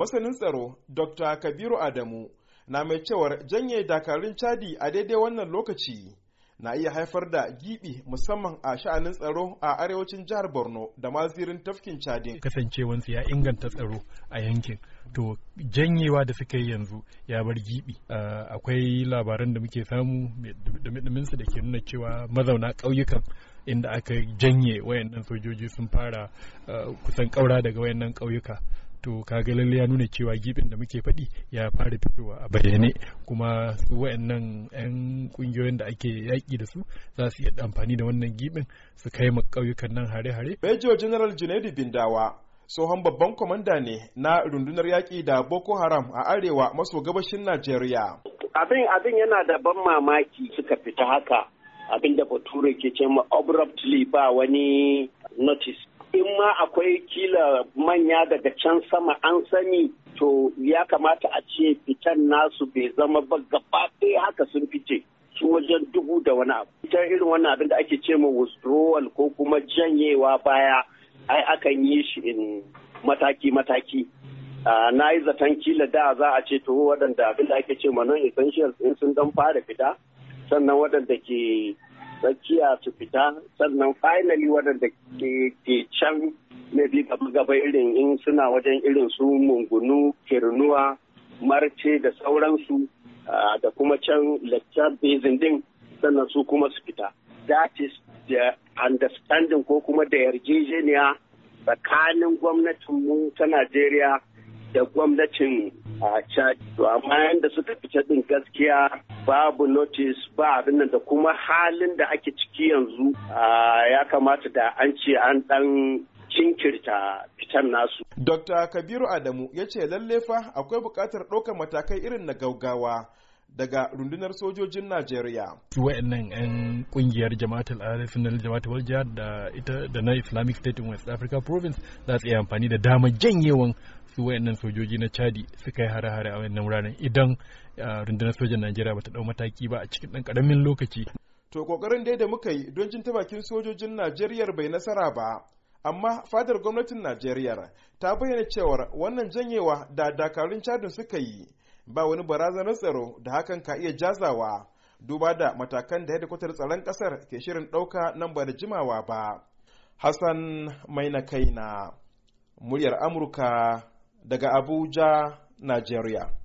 masanin tsaro dr kabiru adamu na mai cewar janye dakarun chadi a daidai wannan lokaci na iya haifar da gibi musamman a sha'anin tsaro a arewacin jihar borno da mazirin tafkin chadin kasancewansu ya inganta tsaro a yankin to janyewa da suka yi yanzu ya bar gibi akwai labaran da muke samu su da ke nuna cewa mazauna ƙauyukan inda aka janye wayannan sojoji sun fara kusan ƙaura daga wayannan ƙauyuka to kaga lalle ya nuna cewa gibin da muke faɗi ya fara fitowa a bayyane kuma su wayannan 'yan kungiyoyin da ake yaƙi da su za su iya amfani da wannan gibin su kai ma ƙauyukan nan hare-hare. Major General Junaidu Bindawa tsohon babban kwamanda ne na rundunar yaƙi da Boko Haram a arewa maso gabashin Najeriya. Abin abin yana da ban mamaki suka fita haka abin da bature ke ce ma abruptly ba wani notice in ma akwai kila manya daga can sama an sani to ya kamata a ce fitan nasu bai zama ba gaba ɗaya haka sun fice su wajen dubu da wani abu fitan irin wannan abin da ake ce ma withdrawal ko kuma janyewa baya ai akan yi shi in mataki mataki na yi zaton kila da za a ce to waɗanda abin da ake ce ma non essentials in sun dan fara fita sannan waɗanda ke tsakiya su fita sannan finally waɗanda ke can maybe gaba-gaba irin in suna wajen irin su mungunu kirnuwa marce da sauransu da kuma can lecture basin din sannan su kuma su fita that is the understanding ko kuma da yarjejeniya tsakanin gwamnatinmu ta najeriya da gwamnatin chad to amma yadda suka fice din gaskiya babu notice ba abin nan da kuma halin da ake ciki yanzu ya kamata da an ce an dan cinkirta fitan nasu. Dr. Kabiru Adamu ya ce lalle fa akwai buƙatar ɗaukar matakai irin na gaugawa daga rundunar sojojin Najeriya. Wa'annan 'yan kungiyar jama'atul arifin na jama'atul jihar da ita da na Islamic State in West Africa Province za su yi amfani da damar janyewan su wayannan sojoji na Chadi suka yi hare-hare a wannan wuraren idan rundunar sojan Najeriya ta dau mataki ba a cikin dan karamin lokaci. To kokarin dai da muka yi don jin ta bakin sojojin Najeriya bai nasara ba. amma fadar gwamnatin najeriya ta bayyana cewar wannan janyewa da dakarun Chadin suka yi ba wani barazanar tsaro da hakan ka iya jazawa duba da matakan da hedikwatar tsaron kasar ke shirin ɗauka nan ba da jimawa ba hassan mai na kaina muryar amurka daga abuja nigeria